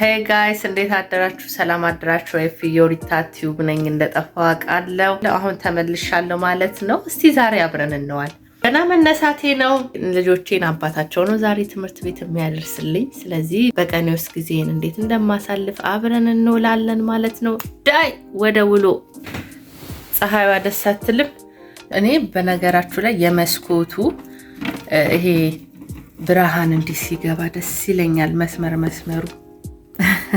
ሄይ ጋይስ እንዴት አደራችሁ? ሰላም አደራችሁ ወይ? ፊዮሪታ ቲዩብ ነኝ። እንደጠፋ አውቃለሁ። አሁን ተመልሻለሁ ማለት ነው። እስቲ ዛሬ አብረን እንዋል። ገና መነሳቴ ነው። ልጆቼን አባታቸው ነው ዛሬ ትምህርት ቤት የሚያደርስልኝ። ስለዚህ በቀኔ ውስጥ ጊዜን እንዴት እንደማሳልፍ አብረን እንውላለን ማለት ነው። ዳይ ወደ ውሎ። ፀሐይዋ ደስ አትልም። እኔ በነገራችሁ ላይ የመስኮቱ ይሄ ብርሃን እንዲህ ሲገባ ደስ ይለኛል። መስመር መስመሩ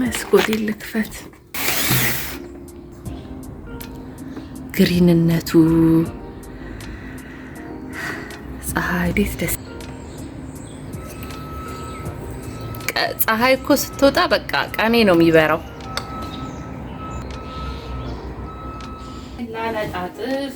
መስኮቴ ልክፈት። ግሪንነቱ ፀሐይ ቤት ደስ ፀሐይ እኮ ስትወጣ በቃ ቀኔ ነው የሚበራው። ላለጣጥፍ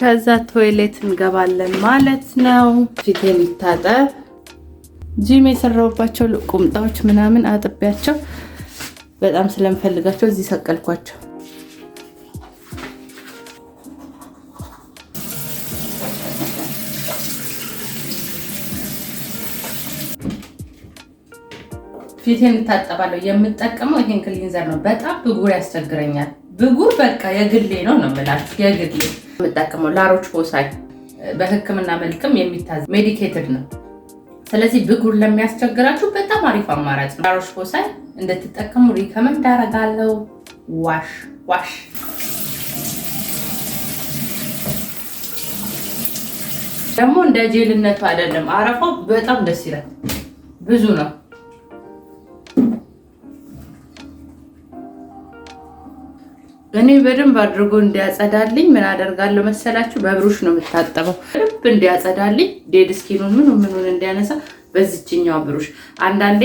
ከዛ ቶይሌት እንገባለን ማለት ነው። ፊቴን ይታጠብ። ጂም የሰራሁባቸው ቁምጣዎች ምናምን አጥቢያቸው በጣም ስለምፈልጋቸው እዚህ ሰቀልኳቸው። ፊቴን እታጠባለሁ። የምጠቀመው ይሄን ክሊንዘር ነው። በጣም ብጉር ያስቸግረኛል። ብጉር በቃ የግሌ ነው ነው የምላችሁ። የግሌ የምጠቀመው ላሮች ቦሳይ በህክምና መልክም የሚታዝ ሜዲኬትድ ነው። ስለዚህ ብጉር ለሚያስቸግራችሁ በጣም አሪፍ አማራጭ ነው። ላሮች ቦሳይ እንድትጠቀሙ ሪከመንድ አደርጋለሁ። ዋሽ ዋሽ ደግሞ እንደ ጄልነቱ አይደለም። አረፋው በጣም ደስ ይላል። ብዙ ነው እኔ በደንብ አድርጎ እንዲያጸዳልኝ ምን አደርጋለሁ መሰላችሁ? በብሩሽ ነው የምታጠበው። በደንብ እንዲያጸዳልኝ ዴድ ስኪኑን ምኑ ምኑን እንዲያነሳ በዚችኛው ብሩሽ። አንዳንዴ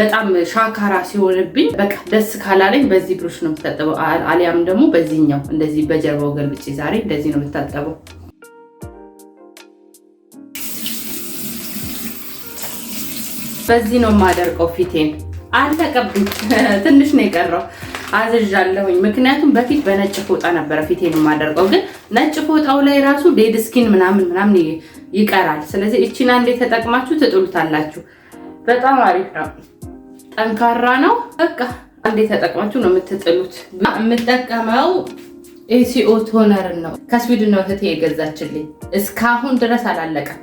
በጣም ሻካራ ሲሆንብኝ በቃ ደስ ካላለኝ በዚህ ብሩሽ ነው የምታጠበው፣ አሊያም ደግሞ በዚህኛው እንደዚህ በጀርባው ገልብጬ። ዛሬ እንደዚህ ነው የምታጠበው። በዚህ ነው የማደርቀው ፊቴን። አለቀብኝ፣ ትንሽ ነው የቀረው። አዝዣለሁኝ። ምክንያቱም በፊት በነጭ ፎጣ ነበረ ፊቴን የማደርገው፣ ግን ነጭ ፎጣው ላይ ራሱ ዴድ ስኪን ምናምን ምናምን ይቀራል። ስለዚህ እቺን አንዴ ተጠቅማችሁ ትጥሉታላችሁ። በጣም አሪፍ ነው፣ ጠንካራ ነው። በቃ አንዴ ተጠቅማችሁ ነው የምትጥሉት። የምጠቀመው ኤሲኦ ቶነርን ነው። ከስዊድን ነው እህቴ የገዛችልኝ። እስካሁን ድረስ አላለቀም።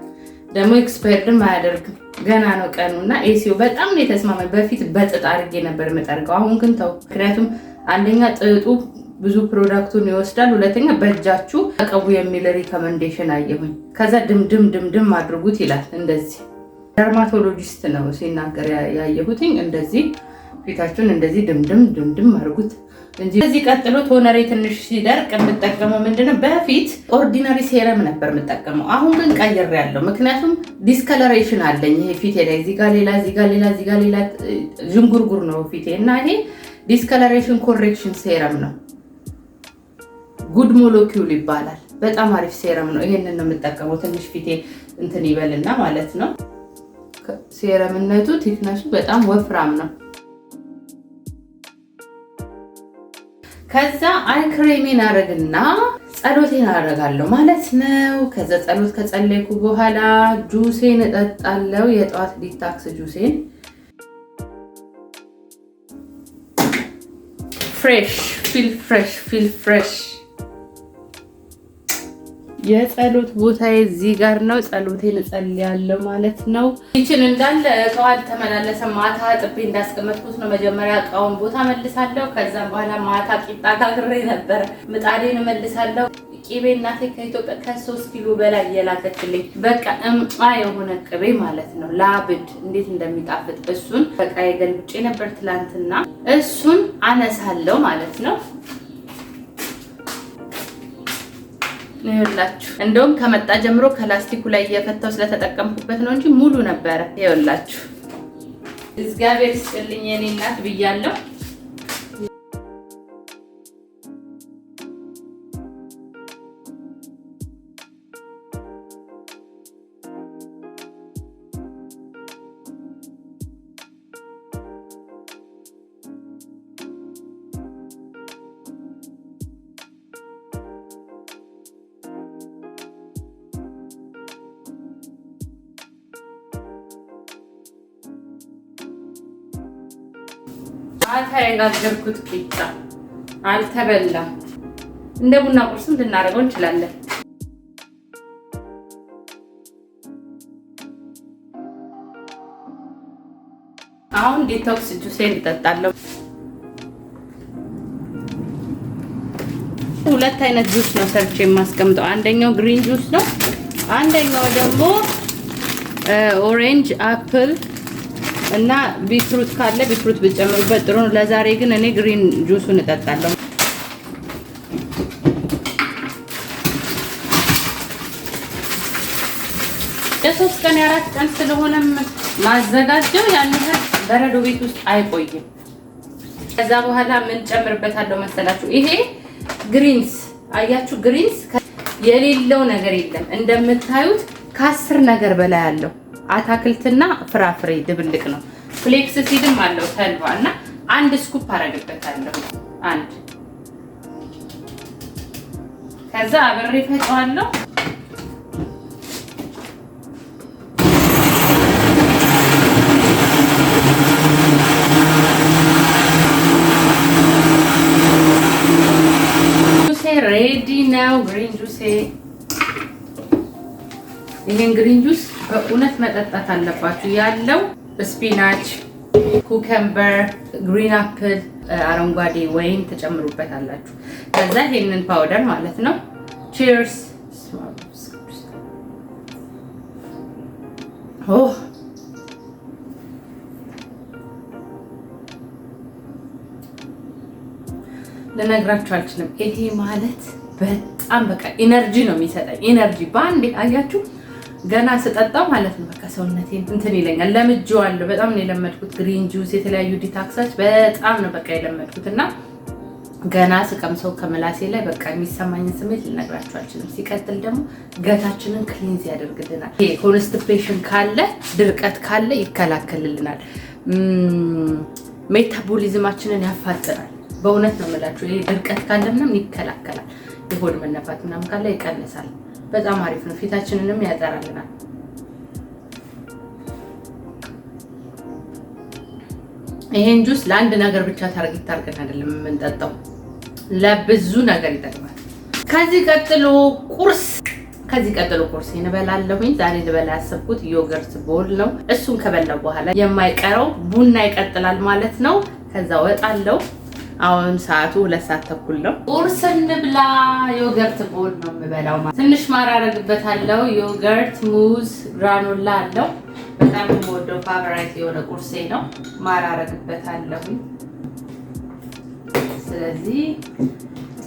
ደግሞ ኤክስፐርድም አያደርግም። ገና ነው ቀኑ እና ኤሲዮ በጣም ነው የተስማማኝ። በፊት በጥጥ አድርጌ ነበር የምጠርገው፣ አሁን ግን ተው። ምክንያቱም አንደኛ ጥጡ ብዙ ፕሮዳክቱን ይወስዳል፣ ሁለተኛ በእጃችሁ አቀቡ የሚል ሪኮመንዴሽን አየሁኝ። ከዛ ድምድም ድምድም አድርጉት ይላል። እንደዚህ ደርማቶሎጂስት ነው ሲናገር ያየሁትኝ። እንደዚህ ፊታችሁን እንደዚህ ድምድም ድምድም አድርጉት። እንጂ ከዚህ ቀጥሎ ቶነሬ ትንሽ ሲደርቅ የምጠቀመው ምንድነው? በፊት ኦርዲናሪ ሴረም ነበር የምጠቀመው። አሁን ግን ያለው ምክንያቱም ዲስከለሬሽን አለኝ። ይሄ ፊቴ ላይ እዚህ ጋር ሌላ፣ እዚህ ጋር ሌላ፣ እዚህ ጋር ሌላ ዥንጉርጉር ነው ፊቴ እና ይሄ ዲስከለሬሽን ኮሬክሽን ሴረም ነው። ጉድ ሞለኪውል ይባላል። በጣም አሪፍ ሴረም ነው። ይሄንን ነው የምጠቀመው። ትንሽ ፊቴ እንትን ይበልና ማለት ነው። ሴረምነቱ ቲክነሱ በጣም ወፍራም ነው። ከዛ አይክሬሜን አረግና ጸሎቴን አረጋለሁ ማለት ነው። ከዛ ጸሎት ከጸለይኩ በኋላ ጁሴን እጠጣለሁ። የጠዋት ዲታክስ ጁሴን ፍሬሽ ፊል ፍሬሽ ፊል ፍሬሽ የጸሎት ቦታዬ እዚህ ጋር ነው። ጸሎቴን እጸልያለሁ ማለት ነው። ይችን እንዳለ እቃው አልተመላለሰም። ማታ ጥቤ እንዳስቀመጥኩት ነው። መጀመሪያ እቃውን ቦታ መልሳለሁ። ከዛም በኋላ ማታ ቂጣ ጋግሬ ነበር። ምጣዴን መልሳለሁ። ቂቤ እናቴ ከኢትዮጵያ ከሶስት ኪሎ በላይ የላከችልኝ በቃ እምጣ የሆነ ቅቤ ማለት ነው። ላብድ እንዴት እንደሚጣፍጥ እሱን በቃ የገልብጬ ነበር ትላንትና። እሱን አነሳለሁ ማለት ነው። ይኸውላችሁ እንደውም ከመጣ ጀምሮ ከላስቲኩ ላይ እየፈታው ስለተጠቀምኩበት ነው እንጂ ሙሉ ነበረ። ይኸውላችሁ እግዚአብሔር ይስጥልኝ የኔ እናት ብያለሁ። ማታ የጋገርኩት ቂጣ አልተበላም። እንደ ቡና ቁርስም ልናደርገው እንችላለን። አሁን ዲቶክስ ጁሴን እጠጣለሁ። ሁለት አይነት ጁስ ነው ሰርቼ የማስቀምጠው። አንደኛው ግሪን ጁስ ነው፣ አንደኛው ደግሞ ኦሬንጅ አፕል እና ቢትሩት ካለ ቢትሩት ብጨምሩበት ጥሩ ነው። ለዛሬ ግን እኔ ግሪን ጁሱን እጠጣለሁ። የሶስት ቀን የአራት ቀን ስለሆነም ማዘጋጀው ያን ያህል በረዶ ቤት ውስጥ አይቆይም። ከዛ በኋላ ምን ጨምርበታለሁ መሰላችሁ? ይሄ ግሪንስ አያችሁ፣ ግሪንስ የሌለው ነገር የለም። እንደምታዩት ከአስር ነገር በላይ አለው። አታክልትና ፍራፍሬ ድብልቅ ነው። ፍሌክስ ሲድም አለው ተልባ እና አንድ ስኩፕ አረግበታለሁ። አንድ ከዛ አብሬ ፈጫዋለሁ። ሬዲ ነው ግሪን ጁሴ። ይህን ግሪን ጁስ በእውነት መጠጣት አለባችሁ። ያለው ስፒናች፣ ኩከምበር፣ ግሪን አፕል፣ አረንጓዴ ወይን ተጨምሩበት አላችሁ። ከዛ ይሄንን ፓውደር ማለት ነው። ቺርስ። ልነግራችሁ አልችልም። ይሄ ማለት በጣም በቃ ኢነርጂ ነው የሚሰጠኝ ኢነርጂ በአንዴ አያችሁ። ገና ስጠጣው ማለት ነው በቃ ሰውነቴ እንትን ይለኛል። ለምጄዋለሁ። በጣም ነው የለመድኩት። ግሪን ጁስ፣ የተለያዩ ዲታክሳች በጣም ነው በቃ የለመድኩት እና ገና ስቀምሰው ከምላሴ ላይ በቃ የሚሰማኝን ስሜት ልነግራችሁ አልችልም። ሲቀጥል ደግሞ ገታችንን ክሊንዝ ያደርግልናል። ኮንስቲፔሽን ካለ፣ ድርቀት ካለ ይከላከልልናል። ሜታቦሊዝማችንን ያፋጥናል። በእውነት ነው የምላችሁ። ይሄ ድርቀት ካለ ምናምን ይከላከላል። የሆድ መነፋት ምናምን ካለ ይቀንሳል። በጣም አሪፍ ነው። ፊታችንንም ያጠራልናል። ይሄን ጁስ ለአንድ ነገር ብቻ ታርጌት ታርገን አይደለም የምንጠጣው፣ ለብዙ ነገር ይጠቅማል። ከዚህ ቀጥሎ ቁርስ ከዚህ ቀጥሎ ቁርስ እንበላለሁኝ። ዛሬ ልበላ ያሰብኩት ዮገርት ቦል ነው። እሱን ከበላው በኋላ የማይቀረው ቡና ይቀጥላል ማለት ነው። ከዛ ወጣለው አሁን ሰዓቱ ሁለት ሰዓት ተኩል ነው። ቁርስ እንብላ። ዮገርት ቦል ነው የምበላው። ትንሽ ማር አደርግበታለሁ። ዮገርት፣ ሙዝ፣ ግራኖላ አለው። በጣም የምወደው ፋቨራይት የሆነ ቁርሴ ነው። ማር አደርግበታለሁ። ስለዚህ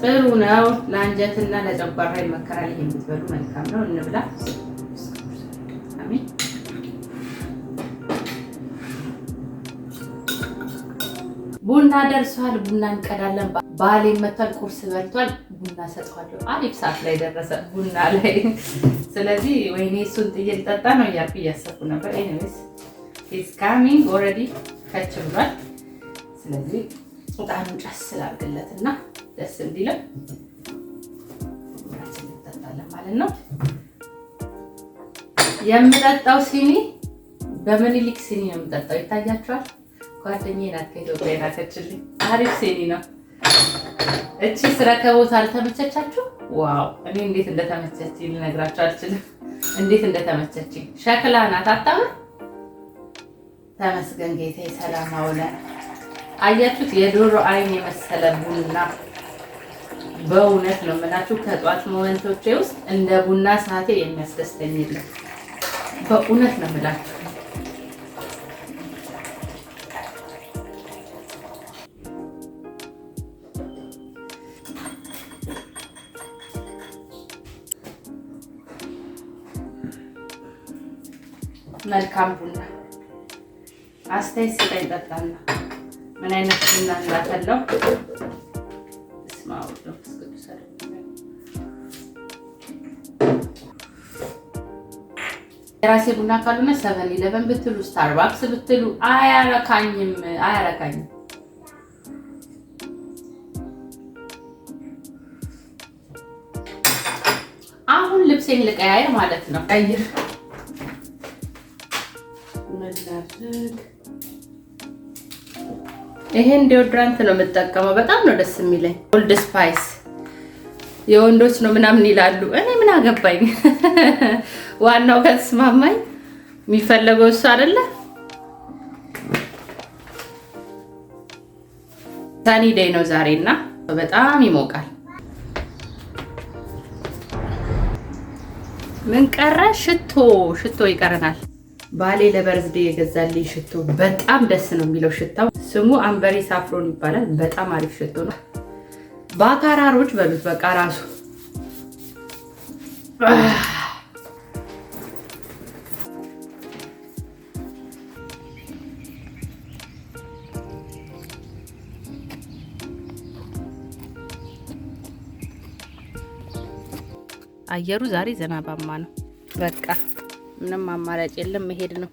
ጥሩ ነው ለአንጀትና ለጨጓራ ይመከራል። ይሄ የምትበሉ መልካም ነው። እንብላ። አሜን ቡና ደርሷል፣ ቡና እንቀዳለን። ባሌ መቷል፣ ቁርስ በልቷል፣ ቡና ሰጥኋለሁ። አሪፍ ሰዓት ላይ ደረሰ ቡና ላይ። ስለዚህ ወይኔ እሱን ጥዬ ልጠጣ ነው እያልኩ እያሰብኩ ነበር። ኤኒዌይስ ኢትስ ካሚንግ ኦልሬዲ ከች ብሏል። ስለዚህ ጣኑ ጨስ ስላርግለት እና ደስ እንዲለም እንጠጣለን ማለት ነው። የምጠጣው ሲኒ በምኒልክ ሲኒ ነው የምጠጣው። ይታያችኋል ጓደኛዬ ናት ከኢትዮጵያ የላከችልኝ። አሪፍ ሴኒ ነው። እቺ ስራ ከቦታ አልተመቸቻችሁ? ዋው! እኔ እንዴት እንደተመቸችኝ ልነግራችሁ አልችልም። እንዴት እንደተመቸችኝ። ሸክላ ናት። አታምር። ተመስገን ጌታ፣ ሰላም አውለን። አያችሁት? የዶሮ አይን የመሰለ ቡና። በእውነት ነው የምላችሁ ከጧት ሞመንቶቼ ውስጥ እንደ ቡና ሰዓቴ የሚያስደስተኝ የለም። በእውነት ነው የምላችሁ መልካም ቡና አስተያየት ስጠኝ። ጠጣና ምን አይነት ቡና እንዳፈላው የራሴ ቡና ካልሆነ ሰቨን ኢለቨን ብትሉ ስታርባክስ ብትሉ አያረካኝም፣ አያረካኝም። አሁን ልብሴን ልቀያየር ማለት ነው። ቀይር ይሄን ዲዮድራንት ነው የምጠቀመው። በጣም ነው ደስ የሚለኝ። ኦልድ ስፓይስ የወንዶች ነው ምናምን ይላሉ። እኔ ምን አገባኝ? ዋናው ከተስማማኝ የሚፈለገው እሱ አይደለ? ሳኒ ደይ ነው ዛሬ እና በጣም ይሞቃል። ምን ቀረ? ሽቶ ሽቶ ይቀረናል። ባሌ ለበርዝዴ የገዛልኝ ሽቶ በጣም ደስ ነው የሚለው። ሽታው ስሙ አንበሪ ሳፍሮን ይባላል። በጣም አሪፍ ሽቶ ነው። በአካራሮች በሉት በቃ ራሱ አየሩ ዛሬ ዝናባማ ነው በቃ ምንም አማራጭ የለም፣ መሄድ ነው።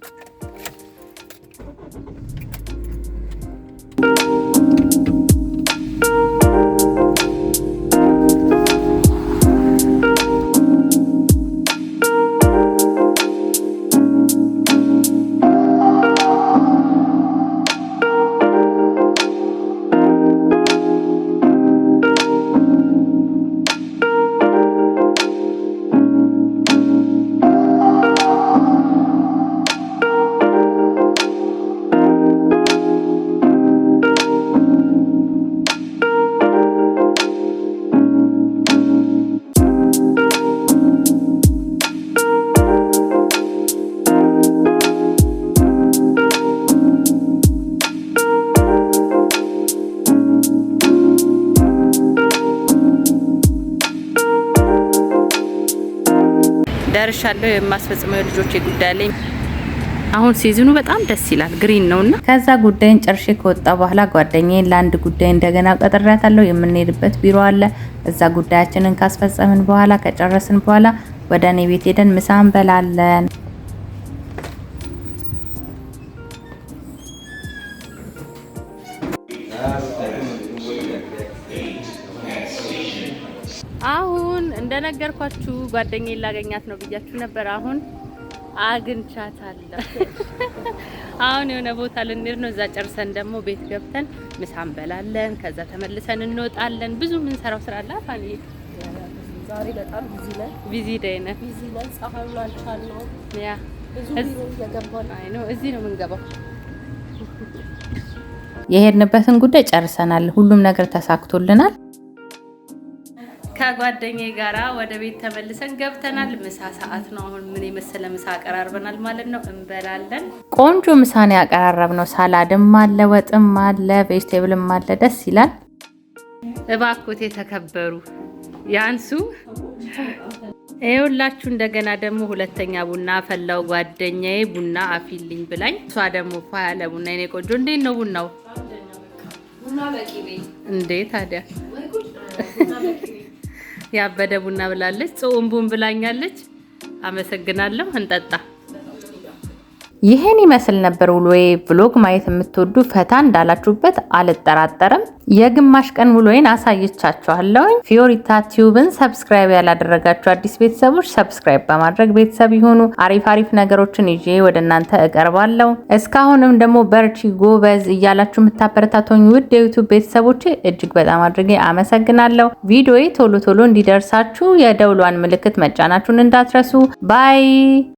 ጨርሻለሁ። የማስፈጽመው የልጆች ጉዳይ አለኝ። አሁን ሲዝኑ በጣም ደስ ይላል፣ ግሪን ነው እና ከዛ ጉዳይን ጨርሼ ከወጣ በኋላ ጓደኛዬን ለአንድ ጉዳይ እንደገና ቀጥሬያታለሁ። የምንሄድበት ቢሮ አለ። እዛ ጉዳያችንን ካስፈጸምን በኋላ ከጨረስን በኋላ ወደ እኔ ቤት ሄደን ምሳ እንበላለን። ነገርኳችሁ። ጓደኛዬ ላገኛት ነው ብያችሁ ነበር። አሁን አግኝቻታለሁ። አሁን የሆነ ቦታ ልንሄድ ነው። እዛ ጨርሰን ደግሞ ቤት ገብተን ምሳ እንበላለን። ከዛ ተመልሰን እንወጣለን። ብዙ የምንሰራው ስራ አለ። አፋልዬ ዛሬ በጣም ቢዚ ነን። ቢዚ ደይ ነን። ቢዚ ነን። ፀሐዩን አልቻልነውም። ያ እዚህ ነው የምንገባው። የሄድንበትን ጉዳይ ጨርሰናል። ሁሉም ነገር ተሳክቶልናል። ከጓደኛ ጋራ ወደ ቤት ተመልሰን ገብተናል። ምሳ ሰዓት ነው። አሁን ምን የመሰለ ምሳ አቀራርበናል ማለት ነው። እንበላለን። ቆንጆ ምሳን ያቀራረብ ነው። ሳላድም አለ፣ ወጥም አለ፣ ቬጅቴብልም አለ። ደስ ይላል። እባኩት የተከበሩ ያንሱ ይኸውላችሁ እንደገና ደግሞ ሁለተኛ ቡና ፈላው። ጓደኛዬ ቡና አፊልኝ ብላኝ፣ እሷ ደግሞ ፏ ያለ ቡና የኔ ቆንጆ። እንዴት ነው ቡናው? እንዴ ታዲያ ያበደ ቡና ብላለች። ጽኡም ቡን ብላኛለች። አመሰግናለሁ። እንጠጣ ይህን ይመስል ነበር ውሎዬ። ብሎግ ማየት የምትወዱ ፈታ እንዳላችሁበት አልጠራጠርም። የግማሽ ቀን ውሎዬን አሳይቻችኋለሁኝ። ፊዮሪታ ቲዩብን ሰብስክራይብ ያላደረጋችሁ አዲስ ቤተሰቦች ሰብስክራይብ በማድረግ ቤተሰብ ይሁኑ። አሪፍ አሪፍ ነገሮችን ይዤ ወደ እናንተ እቀርባለሁ። እስካሁንም ደግሞ በርቺ ጎበዝ እያላችሁ የምታበረታቶኝ ውድ የዩቱብ ቤተሰቦች እጅግ በጣም አድርጌ አመሰግናለሁ። ቪዲዮዬ ቶሎ ቶሎ እንዲደርሳችሁ የደውሏን ምልክት መጫናችሁን እንዳትረሱ። ባይ